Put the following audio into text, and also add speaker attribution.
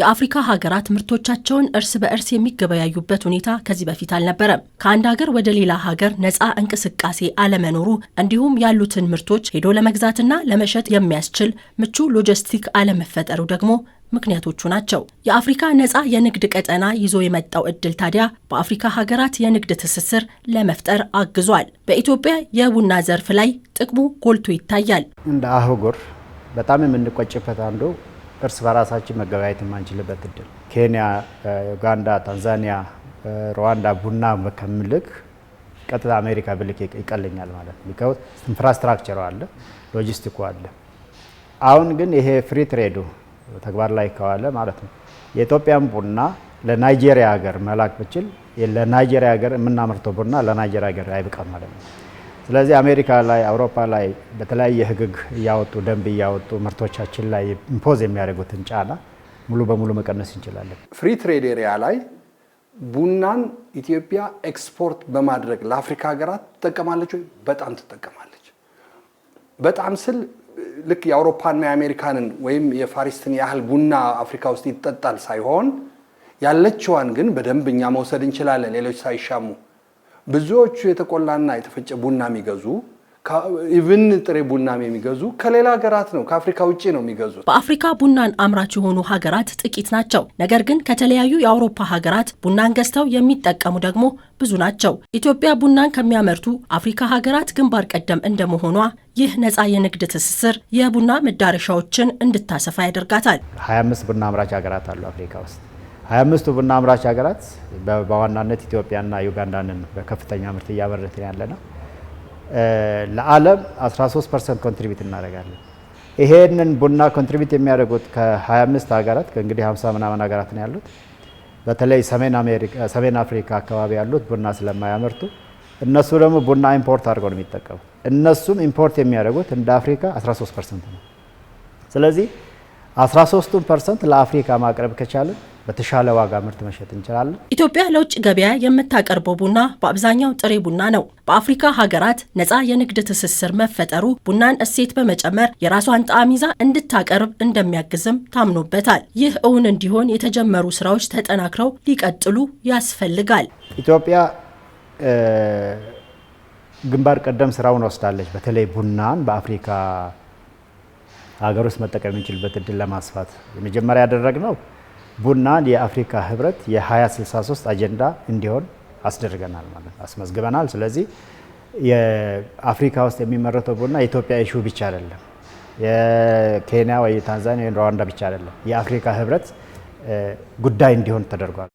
Speaker 1: የአፍሪካ ሀገራት ምርቶቻቸውን እርስ በእርስ የሚገበያዩበት ሁኔታ ከዚህ በፊት አልነበረም። ከአንድ ሀገር ወደ ሌላ ሀገር ነፃ እንቅስቃሴ አለመኖሩ እንዲሁም ያሉትን ምርቶች ሄዶ ለመግዛትና ለመሸጥ የሚያስችል ምቹ ሎጂስቲክ አለመፈጠሩ ደግሞ ምክንያቶቹ ናቸው። የአፍሪካ ነፃ የንግድ ቀጠና ይዞ የመጣው እድል ታዲያ በአፍሪካ ሀገራት የንግድ ትስስር ለመፍጠር አግዟል። በኢትዮጵያ የቡና ዘርፍ ላይ ጥቅሙ ጎልቶ ይታያል።
Speaker 2: እንደ አህጉር በጣም የምንቆጭበት አንዱ እርስ በራሳችን መገበያየት የማንችልበት እድል ኬንያ፣ ዩጋንዳ፣ ታንዛኒያ፣ ሩዋንዳ ቡና ከምልክ ቀጥታ አሜሪካ ብልክ ይቀለኛል ማለት ቢካውስ ኢንፍራስትራክቸሩ አለ፣ ሎጂስቲኩ አለ። አሁን ግን ይሄ ፍሪ ትሬዱ ተግባር ላይ ከዋለ ማለት ነው የኢትዮጵያን ቡና ለናይጄሪያ ሀገር መላክ ብችል ለናይጄሪያ ሀገር የምናመርተው ቡና ለናይጄሪያ ሀገር አይብቃም ማለት ነው። ስለዚህ አሜሪካ ላይ አውሮፓ ላይ በተለያየ ህግግ እያወጡ ደንብ እያወጡ ምርቶቻችን ላይ ኢምፖዝ የሚያደርጉትን ጫና ሙሉ በሙሉ መቀነስ እንችላለን።
Speaker 3: ፍሪ ትሬድ ኤሪያ ላይ ቡናን ኢትዮጵያ ኤክስፖርት በማድረግ ለአፍሪካ ሀገራት ትጠቀማለች ወይ? በጣም ትጠቀማለች። በጣም ስል ልክ የአውሮፓና የአሜሪካንን ወይም የፋሪስትን ያህል ቡና አፍሪካ ውስጥ ይጠጣል ሳይሆን ያለችዋን ግን በደንብ እኛ መውሰድ እንችላለን ሌሎች ሳይሻሙ ብዙዎቹ የተቆላና የተፈጨ ቡና የሚገዙ ኢቭን ጥሬ ቡናም የሚገዙ ከሌላ ሀገራት ነው፣ ከአፍሪካ ውጭ ነው የሚገዙት።
Speaker 1: በአፍሪካ ቡናን አምራች የሆኑ ሀገራት ጥቂት ናቸው። ነገር ግን ከተለያዩ የአውሮፓ ሀገራት ቡናን ገዝተው የሚጠቀሙ ደግሞ ብዙ ናቸው። ኢትዮጵያ ቡናን ከሚያመርቱ አፍሪካ ሀገራት ግንባር ቀደም እንደመሆኗ ይህ ነፃ የንግድ ትስስር የቡና መዳረሻዎችን እንድታሰፋ ያደርጋታል።
Speaker 2: 25 ቡና አምራች ሀገራት አሉ አፍሪካ ውስጥ 25 ቡና አምራች ሀገራት በዋናነት ኢትዮጵያና ዩጋንዳንን በከፍተኛ ምርት እያመረትን ያለ ነው። ለዓለም 13 ፐርሰንት ኮንትሪቢዩት እናደርጋለን። ይሄንን ቡና ኮንትሪቢዩት የሚያደርጉት ከ25 ሀገራት ከእንግዲህ 50 ምናምን ሀገራት ነው ያሉት። በተለይ ሰሜን አፍሪካ አካባቢ ያሉት ቡና ስለማያመርቱ እነሱ ደግሞ ቡና ኢምፖርት አድርገው ነው የሚጠቀሙ። እነሱም ኢምፖርት የሚያደርጉት እንደ አፍሪካ 13 ፐርሰንት ነው። ስለዚህ 13ቱን ፐርሰንት ለአፍሪካ ማቅረብ ከቻለን በተሻለ ዋጋ ምርት መሸጥ እንችላለን።
Speaker 1: ኢትዮጵያ ለውጭ ገበያ የምታቀርበው ቡና በአብዛኛው ጥሬ ቡና ነው። በአፍሪካ ሀገራት ነፃ የንግድ ትስስር መፈጠሩ ቡናን እሴት በመጨመር የራሷን ጣዕም ይዛ እንድታቀርብ እንደሚያግዝም ታምኖበታል። ይህ እውን እንዲሆን የተጀመሩ ስራዎች ተጠናክረው ሊቀጥሉ ያስፈልጋል።
Speaker 2: ኢትዮጵያ ግንባር ቀደም ስራውን ወስዳለች። በተለይ ቡናን በአፍሪካ ሀገር ውስጥ መጠቀም የሚችልበት እድል ለማስፋት የመጀመሪያ ያደረግነው ቡናን የአፍሪካ ህብረት የ2063 አጀንዳ እንዲሆን አስደርገናል ማለት አስመዝግበናል። ስለዚህ የአፍሪካ ውስጥ የሚመረተው ቡና የኢትዮጵያ ኢሹ ብቻ አይደለም፣ የኬንያ ወይ ታንዛኒያ ወይ ሩዋንዳ ብቻ አይደለም፣ የአፍሪካ ህብረት ጉዳይ እንዲሆን ተደርጓል።